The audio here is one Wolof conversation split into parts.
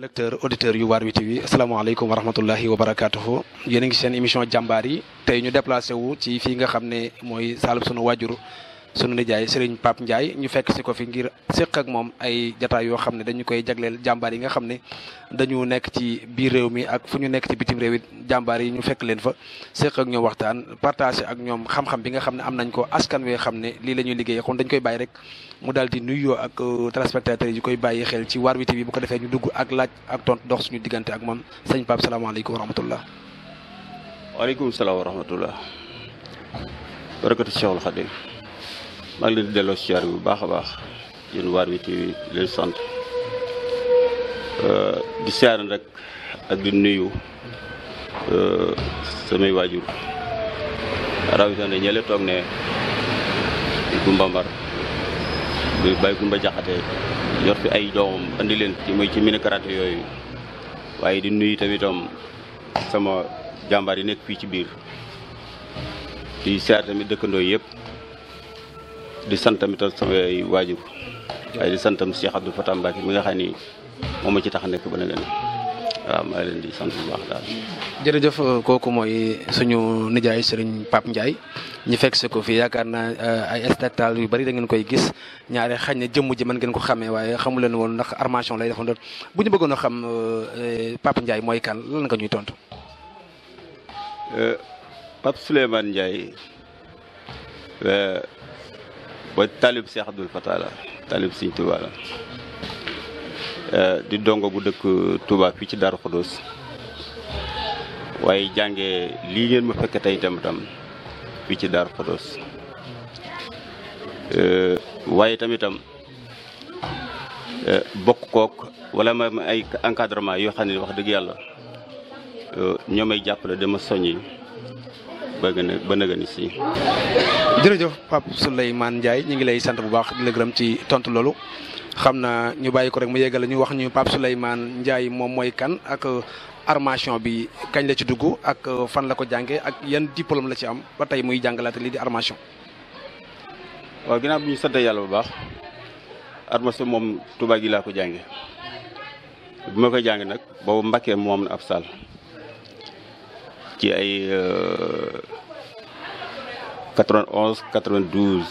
lecteur auditeur yu Waarwi TV asalaamaaleykum wa rahmatullahi wa barakaatuhu yéen a ngi seen émission jàmbaar yi tey ñu déplacé wu ci fii nga xam ne mooy saalum sunu waajur sunu nijaay Serigne paap Ndiaye ñu fekk si ko fi ngir séq ak moom ay jataay yoo xam ne dañu koy jagleel jàmbaar yi nga xam ne dañu nekk ci biir réew mi ak fu ñu nekk ci bitim réew it jàmbaar yi ñu fekk leen fa séq ak ñoom waxtaan partagé ak ñoom xam-xam bi nga xam ne am nañ ko askan wee xam ne lii la ñuy liggéey kon dañ koy bàyyi rek mu daal di nuyoo ak euh, téléspectateurs yi koy bàyyi xel ci Waarwi TV bi bu ko defee ñu dugg ak laaj ak tont dox suñu diggante ak moom sëñ Pape salaamaaleykum wa waaleykum salaam wa rahmatullah barakatu maa ngi leen delloo siyaar bi bu baax a baax yéen waar wi TV leen sant euh, di siyaar rek ak di nuyu euh, samay waajur rawatina ñële toog ne Kumba Mbar bi Baye Kumba Jaxate yor fi ay doomam indi leen ci muy ci mini karaté yooyu waaye di nuyu tamitam sama jàmbaar yi nekk fii ci biir di siyaar tamit dëkkandoo yépp di sant tamit samay waajur waaye di santam Cheikh Abdou Fatah Mbacke mi nga xam ni moom ma ci tax nekk ba na leen waaw maa leen di sant bu baax daal. jërëjëf kooku mooy suñu nijaay sëriñ Pape Ndiaye ñu fekk si ko fii yaakaar na euh, ay spectacle yu bari da ngeen koy gis ñaare xañ na jëmm ji man ngeen ko xamee waaye xamu leen woon ndax armation lay defoon bu ñu bëggoon a xam euh, Pape Ndiaye mooy kan lan nga ñuy tontu. Euh, Pape Souleymane Ndiaye. ba talib Cheikh Abdoul Fatah la talib Sëñ Touba eh, di dongo bu dëkk Touba fii ci Darou Khoudoss waaye jàngee lii ngeen ma fekk tey itam tam fii ci Darou Khoudoss eh, waaye tamitam eh, bokk kook wala ma ay encadrement yoo xam ne wax dëgg yàlla ñoo may jàppale dama soññi ba gën a ba nëgëni si. jërëjëf Pape Souleymane Ndiaye ñu ngi lay sant bu baax di la gërëm ci tontu loolu xam na ñu bàyyi ko rek mu yeggal ñu wax ñu Pape Souleymane Ndiaye moom mooy kan ak euh, armation bi kañ la ci dugg ak euh, fan la ko jàngee ak yan diplôme la ci am ba tey muy jàngalaate lii di armation. waaw ginnaaw bi ñu yàlla bu baax armation moom Touba gi laa ko jàngee bu ma koy jàngee nag boobu Mbacké moom na ab saal. ci ay 91 euh, 92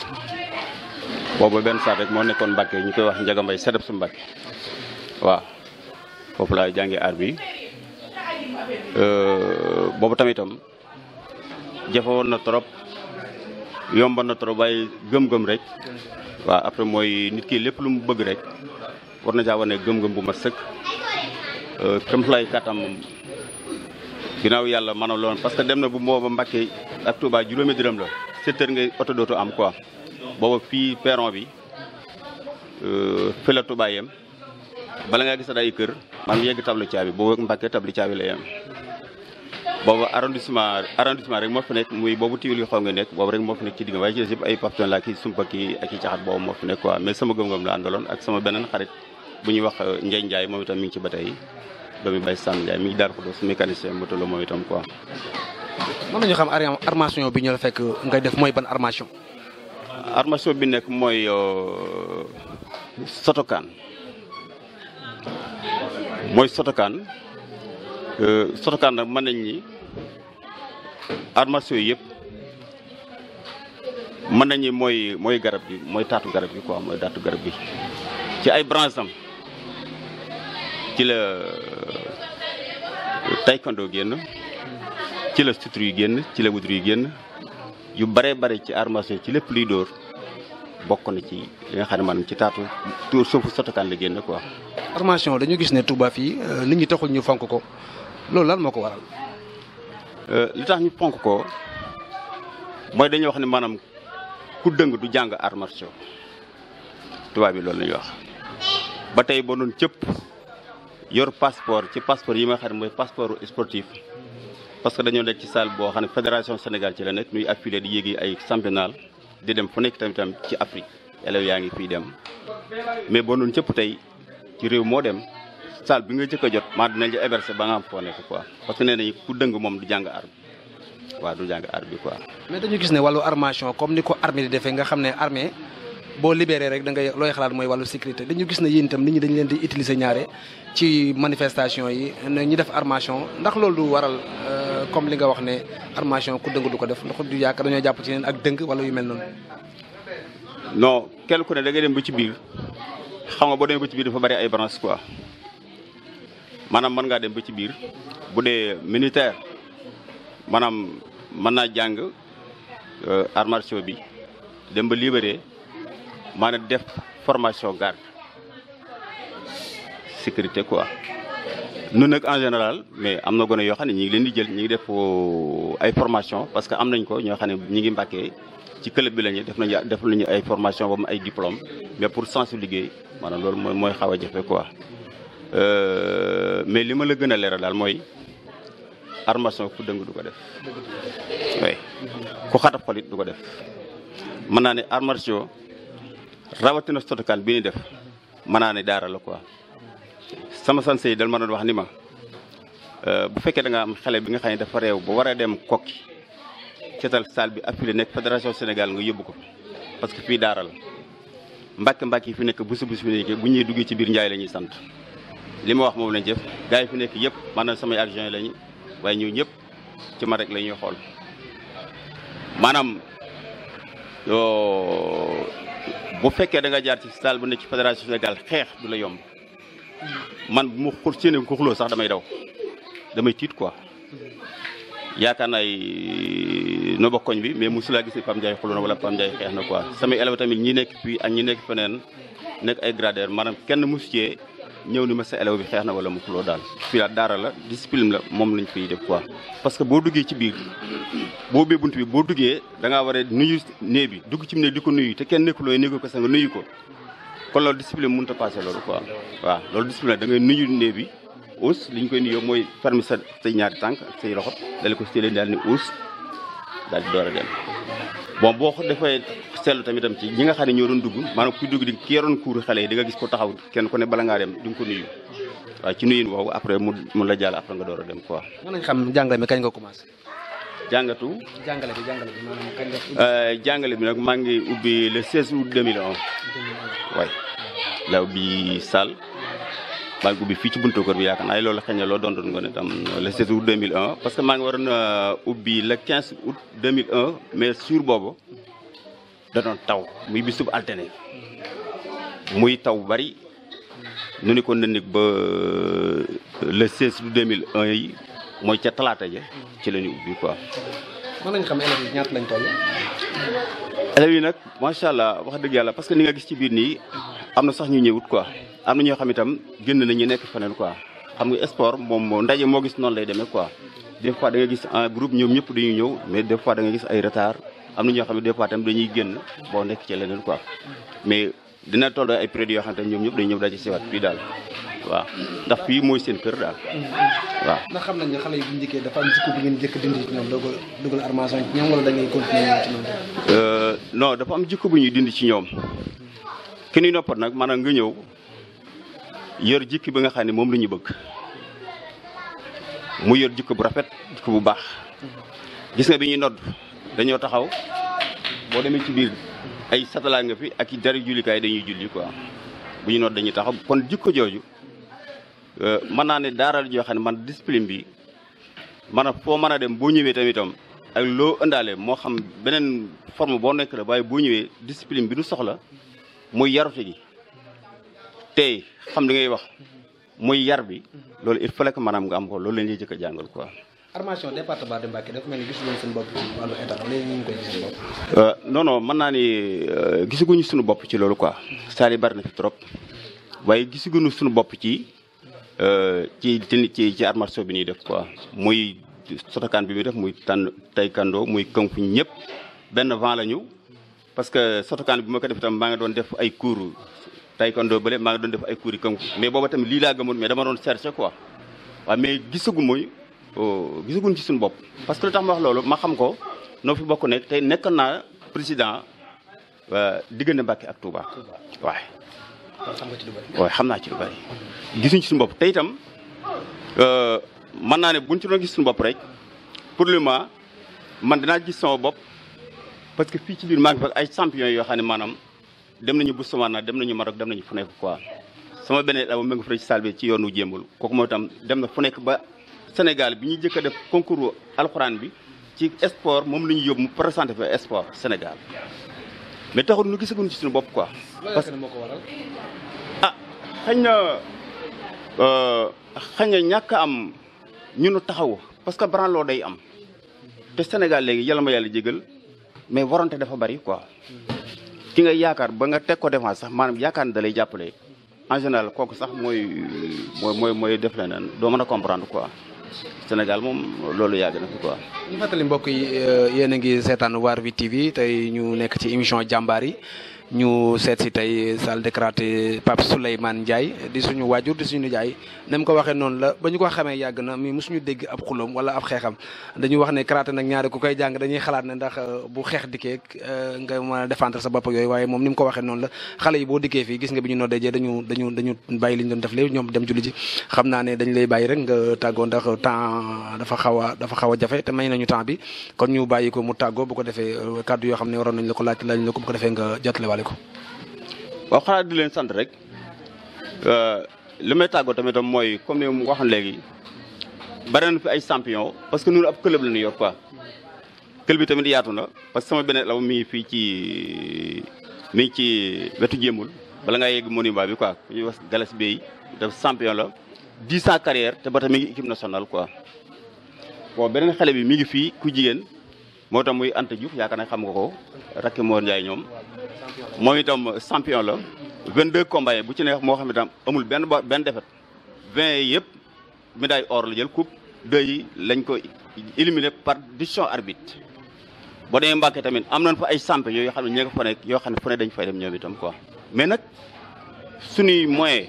boobu benn saat rek moo nekkoon Mbàkke ñu koy wax Njaga Mbay sedeb su Mbàkke waaw foofu laa jàngee aar bi euh, boobu tamitam jafawoon na trop yomban na trop waaye gëm-gëm rek waaw après mooy nit ki lépp lu mu bëgg rek war na caa wane gëm-gëm bu ma sëkk euh, kam lay kàttam ginnaaw yàlla mën a parce que dem na bu booba Mbàkke ak Touba juróomi dërëm la sept heures ngay oto dootu am quoi booba fii peron bi euh, fi la Touba yem bala ngaa gis ay kër maam yegg tablu caabi boobu Mbàkke tablu caabi la yem boobu arrondissement arrondissement rek moo fi nekk muy boobu tiwil yi xaw nga nekk boobu rek moo fi nekk ci digg waaye ci des yëpp ay papton ki sumpa ki ak i caxat boobu moo fi nekk mais sama gëm-gëm la àndaloon ak sama beneen xarit bu ñuy wax euh, Ndiaye Ndiaye moom itam mi ngi ci ba tey doomi Baye Sam Ndiaye mi ngi Darou Khoudoss mécanicien moto la mooy itam quoi. mën nañu xam armation bi ñu la fekk ngay def mooy ban armation. armation bi nekk mooy euh, sotokaan mooy sotokaan euh, sotokaan nag mën nañ ni armation yëpp mën nañu mooy mooy garab gi mooy taatu garab gi quoi mooy taatu garab gi ci ay branches ci la euh, taekwondo génn ci la sutur yu génn ci la wutur yu génn yu bare bare ci armation ci lépp luy dóor bokk na ci li nga xam ne maanaam ci taatu tuur suufu sotokaan la génn quoi. armation dañu gis ne tubaab yi li euh, ñi taxul ñu fonk ko loolu lan moo ko waral. Euh, li tax ñu fonk ko mooy dañuy wax ne maanaam ku dëng du jàng armation tubaab bi loolu la ñuy wax ba tey boo doon cëpp. yor passeport ci passeport yi ma xam ne mooy passeport parce que dañoo nekk ci salle boo xam ne fédération Sénégal ci la nekk ñuy affilié di yéegi ay championnat di dem fu nekk tamit tam ci Afrique élèves yaa ngi fii dem mais boo doon cëpp tey ci réew moo dem salle bi nga jëkk jot ma dinañ la héberger ba nga am foo nekk quoi parce que nee nañ ku dëng moom du jàng arme waaw du jàng arme bi quoi mais dañu gis ne wàllu armation comme ni ko armée di defee nga xam ne armée boo libéré rek dangay looy xalaat mooy wàllu sécurité dañu gis na yéen itam nit ñi dañ leen di utiliser ñaare ci manifestation yi na ñu def armation ndax loolu du waral euh, comme li nga wax ne armation ku dëng du ko def ndax du yaakaar dañoo jàpp ci leen ak dëng wala yu mel noonu. non kenn ku ne da ngay dem ba ci biir xam nga boo demee ba ci biir dafa bari ay branche ko maanaam mën ngaa dem ba ci biir bu dee militaire maanaam mën naa jàng euh, armation bi dem ba libéré. maanaam def formation garde sécurité quoi nun nag en général mais am na gone yoo xam ne ñi ngi leen di jël ñi ngi def euh, ay formation parce que am nañ ko ñoo xam ne ñi ngi mbàkkee ci club bi lañu def nañu def nañu ay formation ba mu ay diplôme mais pour sensu liggéey maanaam loolu mooy mooy xaw a jafe quoi euh, mais li ma la gën a leera daal mooy armation ku dëng du ko def way ku xataf xolit du ko def mën naa rawatina stotokaan bii ñuy def mën naa ne daara la quoi sama sanse yi dal ma doon wax ni ma euh, bu fekkee da nga am xale bi nga xam ne dafa réew ba war dem kokki seetal salle bi affilé nekk fédération Sénégal nga yóbbu ko parce que fii daara la mbàkk mbàkk yi fi nekk busu busu fi nekk bu ñuy duggee ci biir njaay la ñuy sant li ma wax moom lañ jëf gars yi fi nekk yëpp maanaam samay argent lañu waaye ñëw ñëpp ci ma rek la ñuy xool maanaam oh, bu fekkee da nga jaar ci stade bu ne ci fédération Sénégal xeex du la yomb man bu ma xul séené ko xuloo sax damay daw damay tiit quoi yaakaar naa euh, no bokk koñ bi mais mosulaa gis ne Pam Ndiaye xuloo na wala Pam Ndiaye xeex na quoi samay élèves tamit ñi nekk fii ak ñi nekk feneen nekk ay gradaire maanaam kenn mosu cee ñëw ni ma sa élève bi xeex na wala mu xuloo daal fii daal daara la discipline la moom lañ fiy def quoi parce que boo duggee ci biir boo bee bunt bi boo duggee da ngaa war a nuyu nee bi dugg ci ne di ko nuyu te kenn nekkulooy néegu ko sa nga nuyu ko kon loolu discipline mënut a passé loolu quoi waaw loolu discipline da ngay nuyu nee bi us li koy koy nuyoo mooy fermer sa say ñaari tànk sa say loxo dale ko si leen daal ni us daal di door a dem bon boo ko dafay seetlu tamitam ci ñi nga xam ne ñoo doon dugg maanaam kuy dugg di ki yoroon kuuri xale yi di nga gis ko taxaw kenn ku ne bala ngaa dem di ko nuyu waaw ci nuyu woowu après mu mu la jàll après nga door a dem quoi. mën nañ xam jàngale mi kañ nga commencé. jàngatu. jàngale bi jàngale bi euh, jàngale bi nag maa ngi ubbi le 16 août 2011. 2011 waay la ubbi Sall. maa ngi ubbi fii ci buntu kër bi yaakaar ay loolu xëy na loo doon doon nga ne tam le 16 août 2001 parce que maa ngi waroon euh, ubbi le mais sur boobu da doon taw muy bisub altene muy taw bu bari nu ni ko nëndik ba euh, le 16 mille 2001 yi mooy ca talaata ja ci la ubbi quoi. mën nañu xam élèves yi ñaata lañ toll. élèves nag macha allah wax dëgg yàlla parce que ni nga gis ci biir nii am na sax ñu ñëwut quoi. am na ñoo xam itam génn nañu nekk feneen quoi xam nga sport moom ndaje moo gis noonu lay demee quoi. des fois da nga gis en groupe ñoom ñëpp dañuy ñëw mais des fois da nga gis ay retard am ñoo xam ne des fois itam dañuy génn boo nekk ci leneen quoi mais dina toll ay période yoo xam ne ñoom ñëpp dañuy ñëw daje siwaat fii daal. waaw ndax fii mooy seen kër daal. waaw ndax xam nañ ne xale yi bu njëkkee dafa am jikko bu ngeen njëkk dindi ci da ngay continuer ci ñoom. Euh, non am jikko bu ñuy dindi ci ñoom. ki ñuy noppal nag maanaam nga ñëw yor jikki ba nga xam ne moom la ñu bëgg mu yor jikko bu rafet jikko bu baax gis nga bi ñuy nodd dañoo taxaw boo demee ci biir ay satala nga fi ak i dari jullikaay dañuy julli quoi bu ñu nodd dañuy taxaw kon jikko jooju euh, mën naa ne daaral joo xam ne man discipline bi man a foo mën a dem boo ñëwee tamitam ak loo ëndaale moo xam beneen forme boo nekk la waaye boo ñëwee discipline bi nu soxla muy yarute gi tey xam li ngay wax muy yar bi loolu il fallait que maanaam nga am ko loolu la ñuy jëkk a jàngal quoi. formation département de Mbacké dafa mel ni gisuñu seen bopp euh, mën naa ni euh, gisaguñu sunu bopp ci loolu quoi saali bari na fi trop waaye gisaguñu suñu bopp euh, ci ci ci ci armation bi ñuy def quoi muy sotakaan bi muy def muy tànn taekwondo muy kung fu ñëpp benn vent la ñëw parce que sotakaan bi ma ko def itam maa ngi doon def ay cours taekwondo bële maa ngi doon def ay cours yi comme mais booba tamit lii laa gëmoon mais dama doon chercher quoi waaw gisagu mooy oh, gisaguñ ci suñu bopp. parce que lu loolu ma xam ko noo fi bokk nekk tey nekk naa président euh, diggante Mbàkke ak Touba waaye. waaw xam naa ci lu gisuñ ci suñu bopp te itam euh, mën naa ne buñ ci doon gis suñu bopp rek pour le moment man danaa gis sama bopp parce que fii ci biir maa ngi fa ay champion yoo xam ne maanaam. dem nañu Boussoumana dem nañu Maroc dem nañu fu nekk quoi sama beneen dama mu ngi fële ci ci yoonu jéemul kooku mooy tam dem na fu nekk ba Sénégal bi ñu jëkk a def concours alxuraan bi ci sport moom la ñuy yóbbu mu présenté fa sport Sénégal mais taxul ñu gisaguñu ci suñu bopp quoi. parce que ah xañ na euh, xañ na ñàkk am ñunu taxaw parce que branloo day am te Sénégal léegi yàlla ma yàlla jégal mais warante dafa bari quoi. Hmm. ki ngay yaakaar ba nga teg ko défense sax maanaam yaakaar dalay jàppale en kooku sax mooy mooy mooy mooy def leneen doo mën a comprendre quoi. Sénégal moom loolu yàgg na fi quoi. ñu fàttali mbokk yi euh, yéen a ngi seetaan Waar wi TV tey ñu nekk ci émission jàmbaar yi. ñu seet si tey salle de karaté Pape Souleymane Ndiaye di suñu waajur di suñu nijaay ni mu ko waxee noonu la ba ñu ko xamee yàgg na mi mosuñu dégg ab xuloom wala ab xeexam dañuy wax ne karaté nag ñaari ku koy jàng dañuy xalaat ne ndax euh, bu xeex dikkee euh, nga mën a défendre sa bopp yooyu waaye moom ni mu ko waxee noonu la xale yi boo dikkee fii gis nga bi ñu noddee jee dañu bàyyi li ñu doon def léegi ñoom dem julli ji xam naa ne dañ lay bàyyi rek nga tàggoo ndax temps dafa xaw a dafa xaw a jafe te may nañu temps bi kon ñu bàyyi ko mu tàggoo bu ko defee euh, kàddu yoo xam ne waroon nañ la ko laaj lañ la ko bu ko defee asalaamaaleykum. waaw xanaa di leen sant rek euh, li may tàggoo tamit mooy comme ni mu léegi bare na fi ay champion parce que ñun ab club la ñu yor quoi. club bi tamit yaatu na parce que sama beneen la mi ngi fii ci mi ci wetu jëmul bala nga yegg monument bi quoi ku ñuy wax Galas Bey def champion la dix ans carrière te ba tamit mi ngi équipe nationale quoi. bon beneen xale bi mi ngi fii ku jigéen. moo tax muy Anta Diouf yaakaar na xam nga ko rakki Mor Ndiaye ñoom moom itam champion la 22 combats yi bu ci neex moo xam ne tam amul benn bo benn defet 20 yëpp médaille or la jël coupe deux lañ ko éliminé par décision arbitre boo demee Mbàkke tamit am nañ fa ay champion yooyu xam ne ñi nga fa nekk yoo xam ne fu ne dañ fay dem ñoom itam quoi mais nag suñuy moyen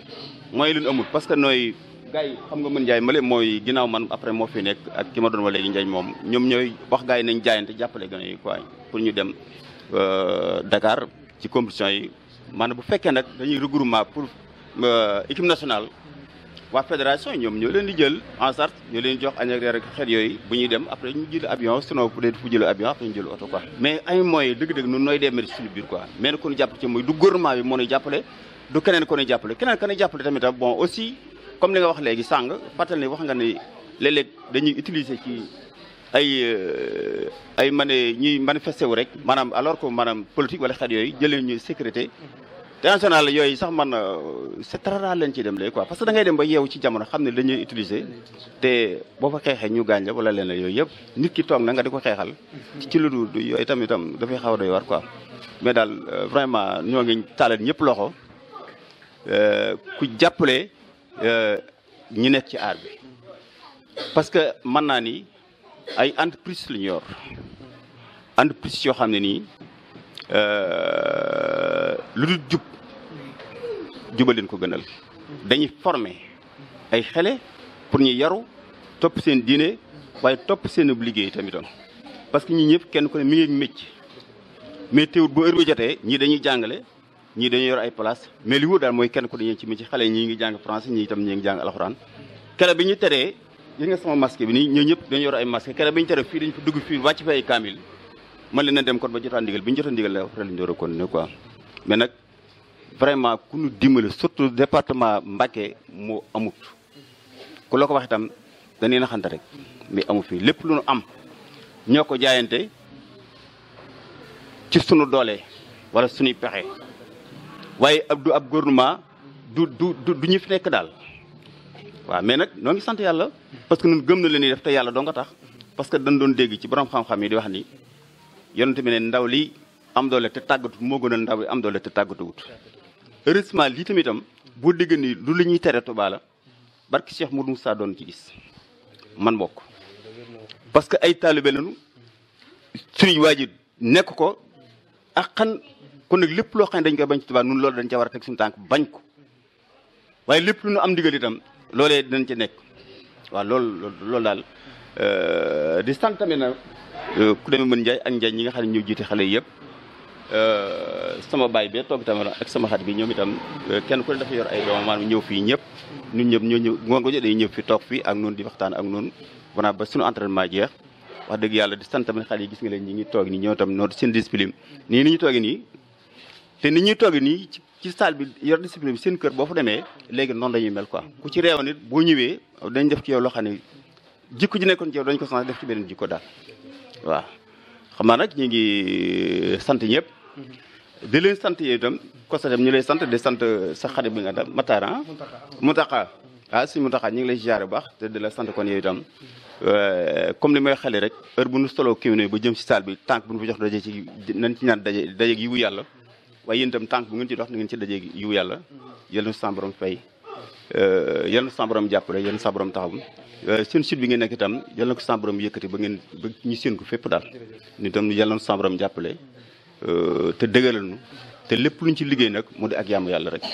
mooy luñ amul parce que nooy gars yi xam nga mën njaay male mooy ginnaaw man après moo fi nekk ak ki ma doon wa moom ñoom ñooy wax gars yi nañ jaayante jàppale gone yi quoi pour ñu dem euh, Dakar ci compétition yi maanaam bu fekkee nag dañuy pour euh, équipe nationale waa fédération ñoom ñoo leen di jël en charge ñoo leen jox añ ak xeet yooyu bu ñuy dem après ñu jël avion sinon peut fu jël avion après ñu jël oto quoi mais ay moyens dëgg-dëgg nun nooy demee ci biir quoi mais nag kon jàpp ci mooy du gouvernement bi moo ñuy jàppale du keneen ko ñuy jàppale keneen comme li nga wax léegi sàng fàttali ni wax nga ni léeg-léeg dañuy utiliser ci ay euh, ay man ñuy manifesté wu rek maanaam alors que maanaam politique wala xeet yooyu jëlee ñuy sécurité mm-hmm. te national yooyu sax man euh, c'est très rare leen ciy dem léegi quoi parce que da ngay dem ba yeewu ci jamono xam ne dañuy utiliser te boo fa xeexee ñu gaañ la wala leen yooyu yëpp nit ki toog na nga di ko xeexal mm-hmm. ci lu dul yooyu itam dafay xaw a doy war quoi mais daal euh, vraiment ñoo ngi taalal ñëpp loxo ku jàppale Euh, ñu nekk ci aar bi parce que man naa ni ay entreprise lu ñu yor entreprise yoo xam ne nii euh, lu dul jub jubaleen ko gënal dañuy former ay xale pour ñu yaru topp seen diine waaye topp seen liggéey tamitoon parce que ñi ñëpp kenn ko ne mi ngi mécc mais teewut bu heure bi jotee ñii dañuy jàngale ñii dañuy yor ay place mais li wóor daal mooy kenn ku dañuy ci mi ci xale ñii ngi jàng français ñii itam ñii ngi jàng alxuraan kere bi ñu teree gis nga sama masque bi nii ñoo ñëpp dañu yor ay masque kere bi ñu teree fii dañ dugg fii wàcc fi ay kaamil man leen na dem kon ba jotaan ndigal bi ñu jotaan a continuer quoi mais nag vraiment ku ñu dimbali surtout département Mbacké moo amut ku la ko wax itam dañuy naxante rek mais amu fii lépp lu nu am ñoo ko jaayante ci sunu doole wala sunuy pexe waaye ab du ab gouvernement du du du ñu fi nekk daal waaw mais nag noo sant yàlla parce que nun gëm na leen def te yàlla doo nga tax parce que dañ doon dégg ci borom xam-xam yi di wax ni yonent bi ne ndaw li am doole te tàggatu moo gën a ndaw li am doole te tàggatuwut heureusement lii tamitam boo dégg ni lu la ñuy tere Tuubaa la barki Cheikh Moudou Moussa doon ci gis man bokk parce que ay taalibe lañu suñu waa nekk ko ak xan kon nag lépp loo xam ne dañ koy bañ ci Tuubaa nun loolu dañ ca war a ko waaye lépp lu nu am ndigal itam loolee dinañ ci nekk waaw loolu loolu daal euh, di sant tamit na euh, ku demee mën Njaay ak Njaay ñi nga xam ne ñoo jiite xale yëpp euh, sama baay bee toog itam ak sama bi ñoom itam kenn ku ne yor ay doomam maanaam ñëw fii ñëpp ñun ñëpp ñoo ñëw ngoongo jo day ñëw fi toog fii ak noonu di waxtaan ak noonu vraiment ba suñu entraînement jeex wax dëgg yàlla di sant tamit xale yi gis nga leen ñi ngi toog nii ñoo tam noo seen discipline nii ni ñu toogee te ni ñuy toog nii ci salle bi yor discipline bi seen kër boo fa demee léegi noonu lañuy mel quoi ku ci réew nit boo ñëwee dañ def ci yow loo xam ne jikko ji nekkoon ci yow dañ ko sens def ci beneen jikko daal waaw xam naa nag ñu ngi euh, sant ñëpp di leen sant yéen itam kostatam ñu lay sant di sant euh, sa xarit bi nga dal Matara Moutaka ah si Moutaka ah, ñu ngi lay ziare baax te la sant kon yooyu itam euh, comme li may xale rek heure bu nu solo kiw ne ba jëm si salle bi tànk bu ñu fa jox daje ci nañ ci ñaan daje daje gi yàlla waaye yéen itam tànk bu ngeen ci dox na ngeen ci dajeeg yiw yàlla mm-hmm. yal na sa borom fay euh, jàppale yal na taxaw borom euh, seen sud bi ngeen nekk itam yal na ko sa borom yëkkati ba ngeen ba ñu seen ko fépp daal ñu itam yal na sa borom jàppale euh, te dëgëral nu te lépp luñ ci liggéey nag mu di ak yàmm yàlla rek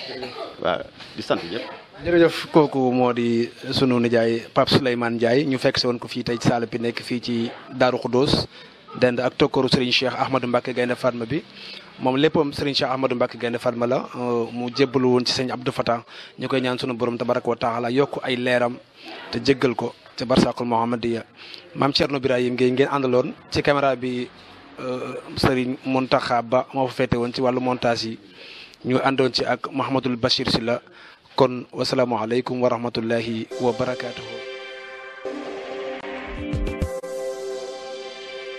waaw di sant ñëpp. jërëjëf kooku moo di sunu nijaay Pape Souleymane Ndiaye ñu fekk si woon ko fii tey ci bi nekk fii ci Darou Khoudoss dend ak tokkaru Serigne Cheikh Ahmadou Mbacke Gaynde Fatma bi moom léppam Serigne Cheikh Ahmadou Mbacke Gaynde Fatma la euh, mu jébbalu woon ci Serigne Abdou Fatah ñu koy ñaan sunu borom tabaraka wa taala yokk ay leeram te jéggal ko ci barsakul Muhammadiya maam Thierno Birahim Gueye ngeen àndaloon ci caméra bi euh, Serigne Mountakha Ba moo fa féete woon ci wàllu montage yi ñu àndoon ci ak Mouhamadul Bachir la kon wasalaamualeykum wa rahmatullahi wa barakaatuhu